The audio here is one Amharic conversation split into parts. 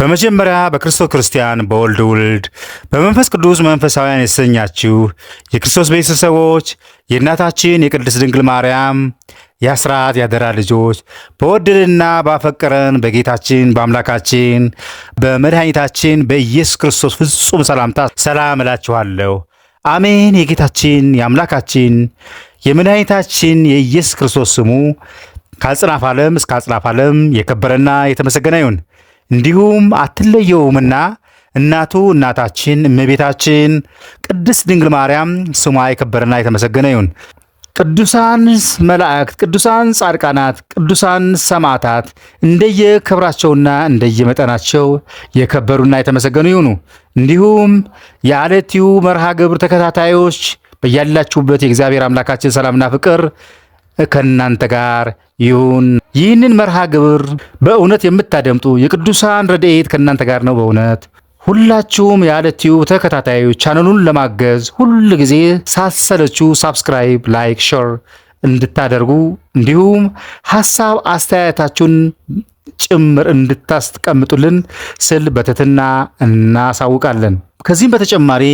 በመጀመሪያ በክርስቶስ ክርስቲያን በወልድ ውልድ በመንፈስ ቅዱስ መንፈሳውያን የተሰኛችሁ የክርስቶስ ቤተሰቦች የእናታችን የቅድስት ድንግል ማርያም የአስራት ያደራ ልጆች በወደደንና ባፈቀረን በጌታችን በአምላካችን በመድኃኒታችን በኢየሱስ ክርስቶስ ፍጹም ሰላምታ ሰላም እላችኋለሁ። አሜን። የጌታችን የአምላካችን የመድኃኒታችን የኢየሱስ ክርስቶስ ስሙ ከአጽናፍ ዓለም እስከ አጽናፍ ዓለም የከበረና የተመሰገነ ይሁን። እንዲሁም አትለየውምና እናቱ እናታችን እመቤታችን ቅድስት ድንግል ማርያም ስሟ የከበረና የተመሰገነ ይሁን። ቅዱሳን መላእክት፣ ቅዱሳን ጻድቃናት፣ ቅዱሳን ሰማዕታት እንደየክብራቸውና እንደየመጠናቸው የከበሩና የተመሰገኑ ይሁኑ። እንዲሁም የአለትዩ መርሃ ግብር ተከታታዮች በያላችሁበት የእግዚአብሔር አምላካችን ሰላምና ፍቅር ከእናንተ ጋር ይሁን። ይህንን መርሃ ግብር በእውነት የምታደምጡ የቅዱሳን ረድኤት ከእናንተ ጋር ነው። በእውነት ሁላችሁም ያለ ቲዩብ ተከታታዮች ቻነሉን ለማገዝ ሁል ጊዜ ሳሰለችሁ ሳብስክራይብ፣ ላይክ፣ ሸር እንድታደርጉ እንዲሁም ሀሳብ አስተያየታችሁን ጭምር እንድታስቀምጡልን ስል በትህትና እናሳውቃለን። ከዚህም በተጨማሪ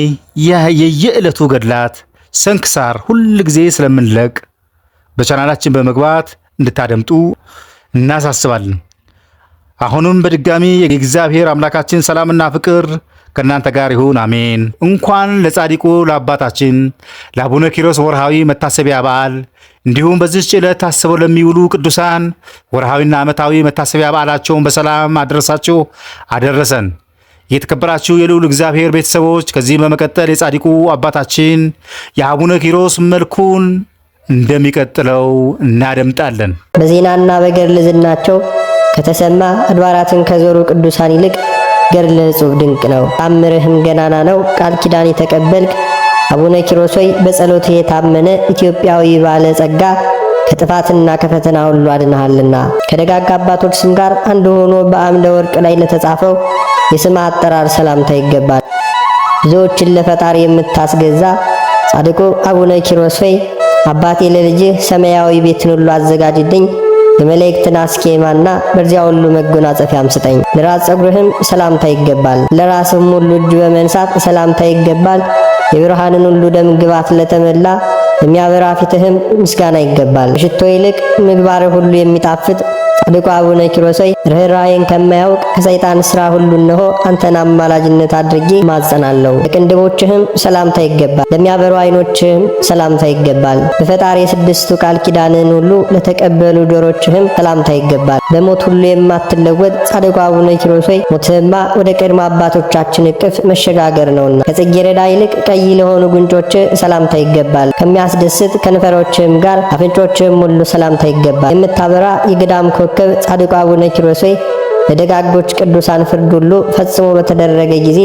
የየዕለቱ ገድላት፣ ስንክሳር ሁል ጊዜ ስለምንለቅ በቻናላችን በመግባት እንድታደምጡ እናሳስባለን። አሁንም በድጋሚ የእግዚአብሔር አምላካችን ሰላምና ፍቅር ከእናንተ ጋር ይሁን፣ አሜን። እንኳን ለጻድቁ ለአባታችን ለአቡነ ኪሮስ ወርሃዊ መታሰቢያ በዓል እንዲሁም በዚች ዕለት ታስበው ለሚውሉ ቅዱሳን ወርሃዊና ዓመታዊ መታሰቢያ በዓላቸውን በሰላም አደረሳችሁ አደረሰን። የተከበራችሁ የልዑል እግዚአብሔር ቤተሰቦች ከዚህ በመቀጠል የጻድቁ አባታችን የአቡነ ኪሮስ መልኩን እንደሚቀጥለው እናደምጣለን። በዜናና በገድል ዝናቸው ከተሰማ አድባራትን ከዞሩ ቅዱሳን ይልቅ ገድለ እጹብ ድንቅ ነው፣ አምርህም ገናና ነው። ቃል ኪዳን የተቀበልክ አቡነ ኪሮስ ሆይ በጸሎት የታመነ ኢትዮጵያዊ ባለ ጸጋ ከጥፋትና ከፈተና ሁሉ አድንሃልና ከደጋግ አባቶች ስም ጋር አንድ ሆኖ በአምደ ወርቅ ላይ ለተጻፈው የስም አጠራር ሰላምታ ይገባል። ብዙዎችን ለፈጣሪ የምታስገዛ ጻድቁ አቡነ ኪሮስ ሆይ አባቴ ለልጅህ ሰማያዊ ቤትን ሁሉ አዘጋጅልኝ የመላእክትን አስኬማና በዚያ ሁሉ መጎናጸፊያም ስጠኝ። ለራስ ጸጉርህም ሰላምታ ይገባል። ለራስህም ሁሉ እጅ በመንሳት ሰላምታ ይገባል። የብርሃንን ሁሉ ደም ግባት ለተመላ የሚያበራ ፊትህም ምስጋና ይገባል። ሽቶ ይልቅ ምግባር ሁሉ የሚጣፍጥ ጻድቁ አቡነ ኪሮሶይ ርኅራኄን ከማያውቅ ከሰይጣን ስራ ሁሉ እነሆ አንተን አማላጅነት አድርጌ ማጸናለሁ። ለቅንድቦችህም ሰላምታ ይገባል፣ ለሚያበሩ አይኖችህም ሰላምታ ይገባል። በፈጣሪ የስድስቱ ቃል ኪዳንህን ሁሉ ለተቀበሉ ጆሮችህም ሰላምታ ይገባል። በሞት ሁሉ የማትለወጥ ጻድቁ አቡነ ኪሮሶይ ሞትህማ ወደ ቀድሞ አባቶቻችን እቅፍ መሸጋገር ነውና ከጽጌረዳ ይልቅ ቀይ ለሆኑ ጉንጮች ሰላምታ ይገባል። ከሚያስደስት ከንፈሮችህም ጋር አፍንጮችህም ሁሉ ሰላምታ ይገባል። የምታበራ የገዳም ኮ ኮከብ ጻድቁ አቡነ ኪሮስ ሆይ ለደጋጎች ቅዱሳን ፍርድ ሁሉ ፈጽሞ በተደረገ ጊዜ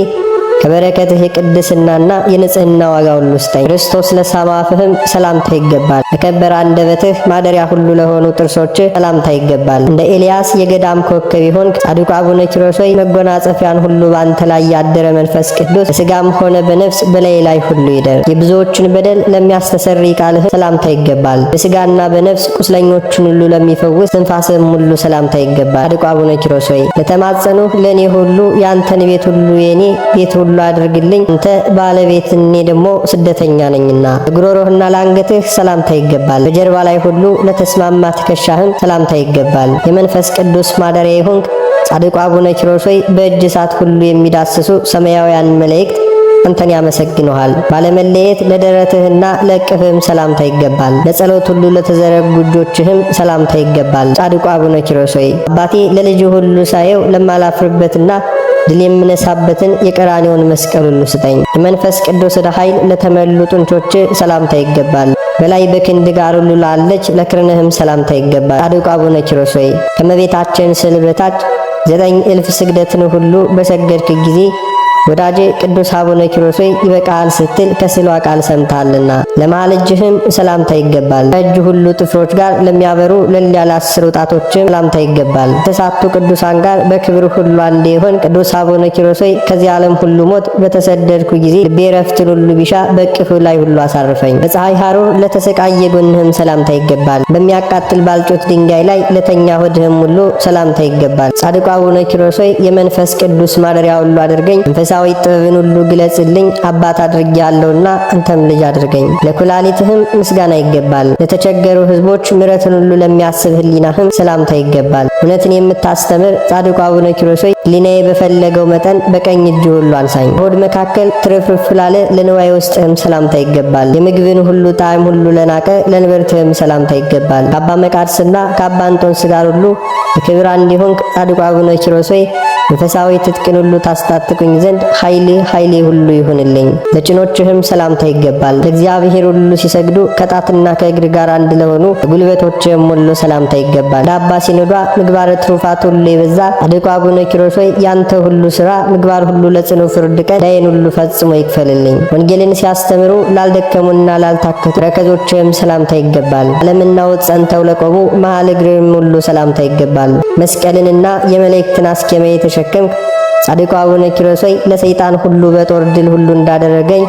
ከበረከትህ የቅድስናና የንጽህና ዋጋ ሁሉ ስጠኝ። ክርስቶስ ለሳማ አፍህም ሰላምታ ይገባል። ከከበረ አንደበትህ ማደሪያ ሁሉ ለሆኑ ጥርሶች ሰላምታ ይገባል። እንደ ኤልያስ የገዳም ኮከብ ይሆን ጻድቁ አቡነ ኪሮስ ሆይ መጎናጸፊያን ሁሉ ባንተ ላይ ያደረ መንፈስ ቅዱስ በስጋም ሆነ በነፍስ በላይ ላይ ሁሉ ይደር። የብዙዎችን በደል ለሚያስተሰርይ ቃልህ ሰላምታ ይገባል። በስጋና በነፍስ ቁስለኞችን ሁሉ ለሚፈውስ ትንፋስህም ሁሉ ሰላምታ ይገባል። ጻድቁ አቡነ ኪሮስ ሆይ ለተማጸኑህ ለእኔ ሁሉ ያንተን ቤት ሁሉ የኔ ቤት ሁሉ ሁሉ አድርግልኝ አንተ ባለቤት እኔ ደግሞ ስደተኛ ነኝና። ለጉሮሮህና ለአንገትህ ሰላምታ ይገባል። በጀርባ ላይ ሁሉ ለተስማማ ትከሻህን ሰላምታ ይገባል። የመንፈስ ቅዱስ ማደሪያ ይሁንክ ጻድቁ አቡነ ኪሮስ ሆይ በእጅ እሳት ሁሉ የሚዳስሱ ሰማያውያን መላእክት አንተን ያመሰግኑሃል። ባለመለየት ለደረትህና ለእቅፍህም ሰላምታ ይገባል። ለጸሎት ሁሉ ለተዘረጉ እጆችህም ሰላምታ ይገባል። ጻድቁ አቡነ ኪሮስ ሆይ አባቴ ለልጅ ሁሉ ሳየው ለማላፍርበትና ድል የምነሳበትን የቀራኔውን መስቀል ሁሉ ስጠኝ። የመንፈስ ቅዱስ ኃይል ለተመሉ ጡንቾች ሰላምታ ይገባል። በላይ በክንድ ጋር ሁሉ ላለች ለክርንህም ሰላምታ ይገባል። ጻድቁ አቡነ ኪሮስ ሆይ ከመቤታችን ስዕል በታች ዘጠኝ እልፍ ስግደትን ሁሉ በሰገድክ ጊዜ ወዳጄ ቅዱስ አቡነ ኪሮስ ሆይ ስትል ከስዕሏ ቃል ሰምታልና ለመሃል እጅህም ሰላምታ ይገባል። ከእጅ ሁሉ ጥፍሮች ጋር ለሚያበሩ ለል አስር ጣቶችም ሰላምታ ይገባል። ተሳቱ ቅዱሳን ጋር በክብር ሁሉ አንድ የሆን ቅዱስ አቡነ ኪሮስ ሆይ ከዚህ ዓለም ሁሉ ሞት በተሰደድኩ ጊዜ ልቤ ረፍትን ሁሉ ቢሻ በቅፍ ላይ ሁሉ አሳርፈኝ። በፀሐይ ሐሩር ለተሰቃየ ጎንህም ሰላምታ ይገባል። በሚያቃጥል ባልጮት ድንጋይ ላይ ለተኛ ሆድህም ሁሉ ሰላምታ ይገባል። ጻድቁ አቡነ ኪሮስ ሆይ የመንፈስ ቅዱስ ማደሪያ ሁሉ አድርገኝ መንፈሳ መንፈሳዊ ጥበብን ሁሉ ግለጽልኝ አባት አድርጌ ያለውና አንተም ልጅ አድርገኝ። ለኩላሊትህም ምስጋና ይገባል። ለተቸገሩ ህዝቦች ምረትን ሁሉ ለሚያስብ ህሊናህም ሰላምታ ይገባል። እውነትን የምታስተምር ጻድቁ አቡነ ኪሮስ ሆይ ሊናዬ በፈለገው መጠን በቀኝ እጅ ሁሉ አንሳኝ። ሆድ መካከል ትርፍርፍ ላለ ለንዋይ ውስጥህም ሰላምታ ይገባል። የምግብን ሁሉ ጣዕም ሁሉ ለናቀ ለንብርትህም ሰላምታ ይገባል። ከአባ መቃርስና ከአባ አንጦንስ ጋር ሁሉ በክብር አንድ የሆንክ ጻድቁ አቡነ ኪሮስ ሆይ መንፈሳዊ ትጥቅን ሁሉ ታስታጥቁኝ ዘንድ ኃይሌ ኃይሌ ሁሉ ይሁንልኝ። ለጭኖችህም ሰላምታ ይገባል። ለእግዚአብሔር ሁሉ ሲሰግዱ ከጣትና ከእግር ጋር አንድ ለሆኑ ጉልበቶችህም ሁሉ ሰላምታ ይገባል። ለአባ ሲኖዳ ምግባር ትሩፋት ሁሉ የበዛ አድቋ አቡነ ኪሮስ ሆይ ያንተ ሁሉ ስራ ምግባር ሁሉ ለጽኑ ፍርድ ቀን ዳይን ሁሉ ፈጽሞ ይክፈልልኝ። ወንጌልን ሲያስተምሩ ላልደከሙና ላልታከቱ ረከዞችህም ሰላምታ ይገባል። ውጥ ጸንተው ለቆሙ መሀል እግርህም ሁሉ ሰላምታ ይገባል። መስቀልንና የመላእክትን አስኬማ እንደተሸከምክ ጻድቁ አቡነ ኪሮስ ሆይ ለሰይጣን ሁሉ በጦር ድል ሁሉ እንዳደረገኝ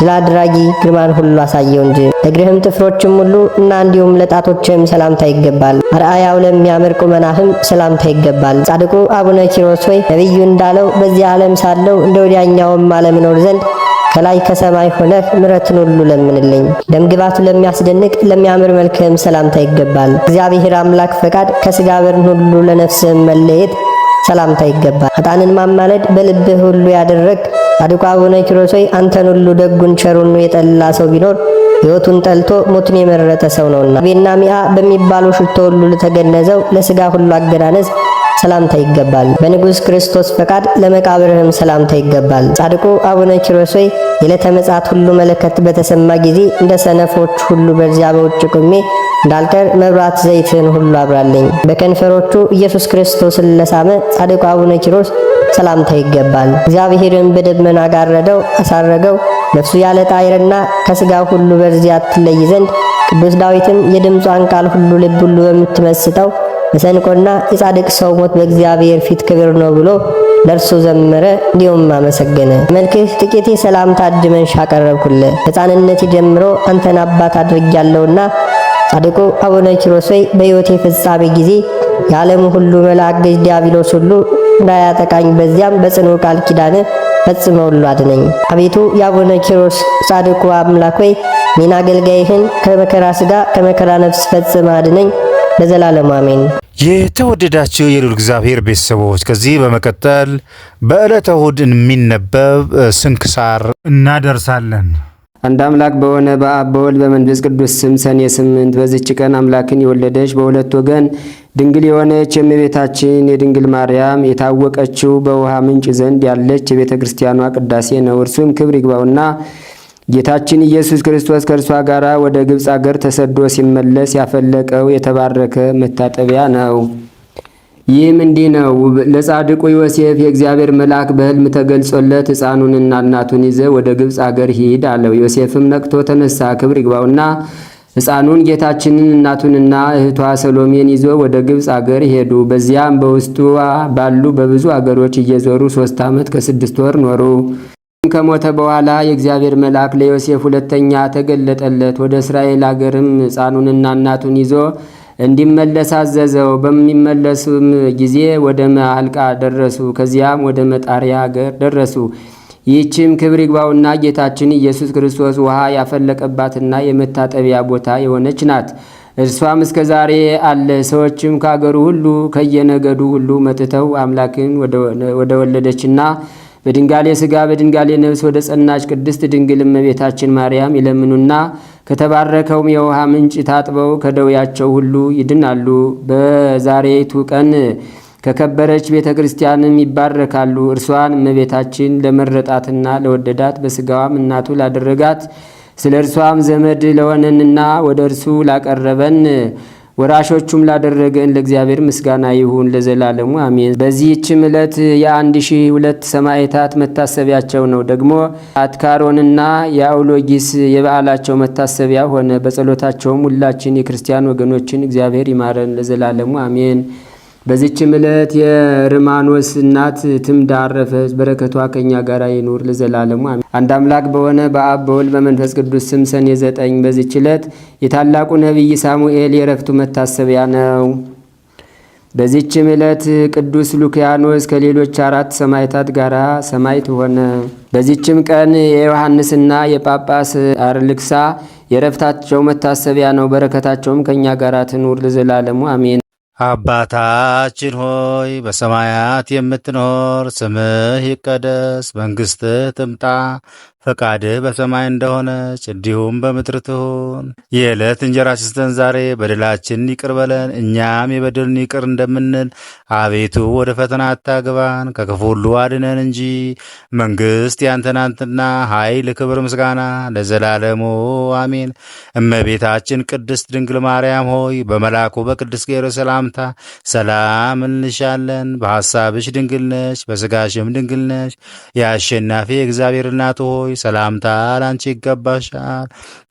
ድል አድራጊ ግርማን ሁሉ አሳየው እንጂ ለእግርህም ጥፍሮችም ሁሉ እና እንዲሁም ለጣቶችህም ሰላምታ ይገባል። አርአያው ለሚያምር ቁመናህም ሰላምታ ይገባል። ጻድቁ አቡነ ኪሮስ ሆይ ነቢዩ እንዳለው በዚህ ዓለም ሳለው እንደ ወዲያኛውም ዓለም ዘንድ ከላይ ከሰማይ ሆነህ ምረትን ሁሉ ለምንልኝ። ደምግባቱ ለሚያስደንቅ ለሚያምር መልክህም ሰላምታ ይገባል። እግዚአብሔር አምላክ ፈቃድ ከስጋ በርን ሁሉ ለነፍስህም መለየት ሰላምታ ይገባል። አጣንን ማማለድ በልብህ ሁሉ ያደረግ ጻድቁ አቡነ ኪሮስ ሆይ አንተን ሁሉ ደጉን ቸሩን የጠላ ሰው ቢኖር ሕይወቱን ጠልቶ ሞቱን የመረጠ ሰው ነውና ቤና ሚአ በሚባሉ ሽቶ ሁሉ ለተገነዘው ለስጋ ሁሉ አገናነዝ ሰላምታ ይገባል። በንጉሥ ክርስቶስ ፈቃድ ለመቃብርህም ሰላምታ ይገባል። ጻድቁ አቡነ ኪሮስ ሆይ የዕለተ ምጽአት ሁሉ መለከት በተሰማ ጊዜ እንደ ሰነፎች ሁሉ በዚያ በውጭ ቁሜ እንዳልቀር መብራት ዘይትን ሁሉ አብራለኝ። በከንፈሮቹ ኢየሱስ ክርስቶስን ለሳመ ጻድቁ አቡነ ኪሮስ ሰላምታ ይገባል። እግዚአብሔርን በደመና ጋረደው አሳረገው፣ ነፍሱ ያለ ጣይርና ከስጋው ሁሉ በርዚያ ትለይ ዘንድ ቅዱስ ዳዊትም የድምጿን ቃል ሁሉ ልብ ሁሉ በምትመስጠው መሰንቆና የጻድቅ ሰው ሞት በእግዚአብሔር ፊት ክብር ነው ብሎ ለእርሱ ዘመረ፣ እንዲሁም አመሰገነ። መልክህ ጥቂት የሰላምታ እጅ መንሻ አቀረብኩልህ። ሕፃንነት ጀምሮ አንተን አባት አድርጊያለሁና ጻድቁ አቡነ ኪሮስ ሆይ በሕይወቴ ፍጻሜ ጊዜ የዓለም ሁሉ መልአክ ገዥ ዲያብሎስ ሁሉ እንዳያጠቃኝ በዚያም በጽኑ ቃል ኪዳን ፈጽመ ሁሉ አድነኝ። አቤቱ የአቡነ ኪሮስ ጻድቁ አምላክ ሆይ እኔን አገልጋይህን ከመከራ ሥጋ ከመከራ ነፍስ ፈጽመ አድነኝ ለዘላለም አሜን። የተወደዳቸው የልዑል እግዚአብሔር ቤተሰቦች ከዚህ በመቀጠል በዕለተ እሁድ የሚነበብ ስንክሳር እናደርሳለን። አንድ አምላክ በሆነ በአብ በወልድ በመንፈስ ቅዱስ ስም ሰኔ ስምንት በዚች ቀን አምላክን የወለደች በሁለት ወገን ድንግል የሆነች የእመቤታችን የድንግል ማርያም የታወቀችው በውሃ ምንጭ ዘንድ ያለች የቤተ ክርስቲያኗ ቅዳሴ ነው። እርሱም ክብር ይግባውና ጌታችን ኢየሱስ ክርስቶስ ከእርሷ ጋር ወደ ግብፅ አገር ተሰዶ ሲመለስ ያፈለቀው የተባረከ መታጠቢያ ነው። ይህም እንዲህ ነው። ለጻድቁ ዮሴፍ የእግዚአብሔር መልአክ በሕልም ተገልጾለት ሕፃኑንና እናቱን ይዘ ወደ ግብፅ አገር ሂድ አለው። ዮሴፍም ነቅቶ ተነሳ፣ ክብር ይግባውና ሕፃኑን ጌታችንን እናቱንና እህቷ ሰሎሜን ይዞ ወደ ግብፅ አገር ሄዱ። በዚያም በውስጡ ባሉ በብዙ አገሮች እየዞሩ ሶስት ዓመት ከስድስት ወር ኖሩ። ከሞተ በኋላ የእግዚአብሔር መልአክ ለዮሴፍ ሁለተኛ ተገለጠለት። ወደ እስራኤል አገርም ሕፃኑንና እናቱን ይዞ እንዲመለስ አዘዘው። በሚመለሱም ጊዜ ወደ መአልቃ ደረሱ። ከዚያም ወደ መጣሪያ ሀገር ደረሱ። ይህችም ክብር ይግባውና ጌታችን ኢየሱስ ክርስቶስ ውሃ ያፈለቀባትና የመታጠቢያ ቦታ የሆነች ናት። እርሷም እስከ ዛሬ አለ። ሰዎችም ከአገሩ ሁሉ ከየነገዱ ሁሉ መጥተው አምላክን ወደ ወለደችና በድንጋሌ ሥጋ በድንጋሌ ነፍስ ወደ ጸናች ቅድስት ድንግል እመቤታችን ማርያም ይለምኑና ከተባረከውም የውሃ ምንጭ ታጥበው ከደውያቸው ሁሉ ይድናሉ። በዛሬቱ ቀን ከከበረች ቤተ ክርስቲያንም ይባረካሉ። እርሷን እመቤታችን ለመረጣትና ለወደዳት በሥጋዋም እናቱ ላደረጋት ስለ እርሷም ዘመድ ለሆነንና ወደ እርሱ ላቀረበን ወራሾቹም ላደረገን ለእግዚአብሔር ምስጋና ይሁን ለዘላለሙ አሜን። በዚህችም ዕለት የአንድ ሺህ ሁለት ሰማዕታት መታሰቢያቸው ነው። ደግሞ አትካሮንና የአውሎጊስ የበዓላቸው መታሰቢያ ሆነ። በጸሎታቸውም ሁላችን የክርስቲያን ወገኖችን እግዚአብሔር ይማረን ለዘላለሙ አሜን። በዚችም ዕለት የርማኖስ እናት ትምዳ አረፈች። በረከቷ ከኛ ጋር ይኑር ለዘላለሙ አሜን። አንድ አምላክ በሆነ በአብ በወልድ በመንፈስ ቅዱስ ስም ሰኔ ዘጠኝ በዚች ዕለት የታላቁ ነቢይ ሳሙኤል የረፍቱ መታሰቢያ ነው። በዚችም ዕለት ቅዱስ ሉኪያኖስ ከሌሎች አራት ሰማይታት ጋር ሰማይት ሆነ። በዚችም ቀን የዮሐንስና የጳጳስ አርልክሳ የእረፍታቸው መታሰቢያ ነው። በረከታቸውም ከእኛ ጋር ትኑር ለዘላለሙ አሜን። አባታችን ሆይ በሰማያት የምትኖር ስምህ ይቀደስ፣ መንግሥትህ ትምጣ ፈቃድህ በሰማይ እንደሆነች እንዲሁም በምድር ትሁን። የዕለት እንጀራችንን ስጠን ዛሬ፣ በደላችንን ይቅር በለን እኛም የበደሉን ይቅር እንደምንል፣ አቤቱ ወደ ፈተና አታግባን ከክፉ ሁሉ አድነን እንጂ መንግሥት ያንተ ናትና፣ ኃይል፣ ክብር፣ ምስጋና ለዘላለሙ አሜን። እመቤታችን ቅድስት ድንግል ማርያም ሆይ በመልአኩ በቅዱስ ገብርኤል ሰላምታ ሰላም እንልሻለን። በሐሳብሽ ድንግል ነሽ፣ በሥጋሽም ድንግል ነች የአሸናፊ እግዚአብሔር እናቱ ሆይ ሆይ ሰላምታ ለአንቺ ይገባሻል።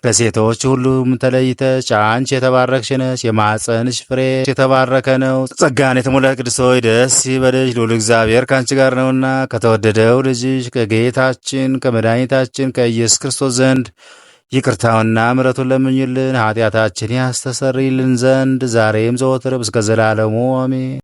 ከሴቶች ሁሉም ተለይተች አንቺ የተባረክሽ ነች የማኅፀንሽ ፍሬ የተባረከ ነው። ጸጋን የተሞለ ቅድስት ሆይ ደስ ይበልሽ፣ ልዑል እግዚአብሔር ከአንቺ ጋር ነውና ከተወደደው ልጅሽ ከጌታችን ከመድኃኒታችን ከኢየሱስ ክርስቶስ ዘንድ ይቅርታውና ምረቱን ለምኝልን ኃጢአታችን ያስተሰርይልን ዘንድ ዛሬም ዘወትርም እስከ ዘላለሙ አሜን።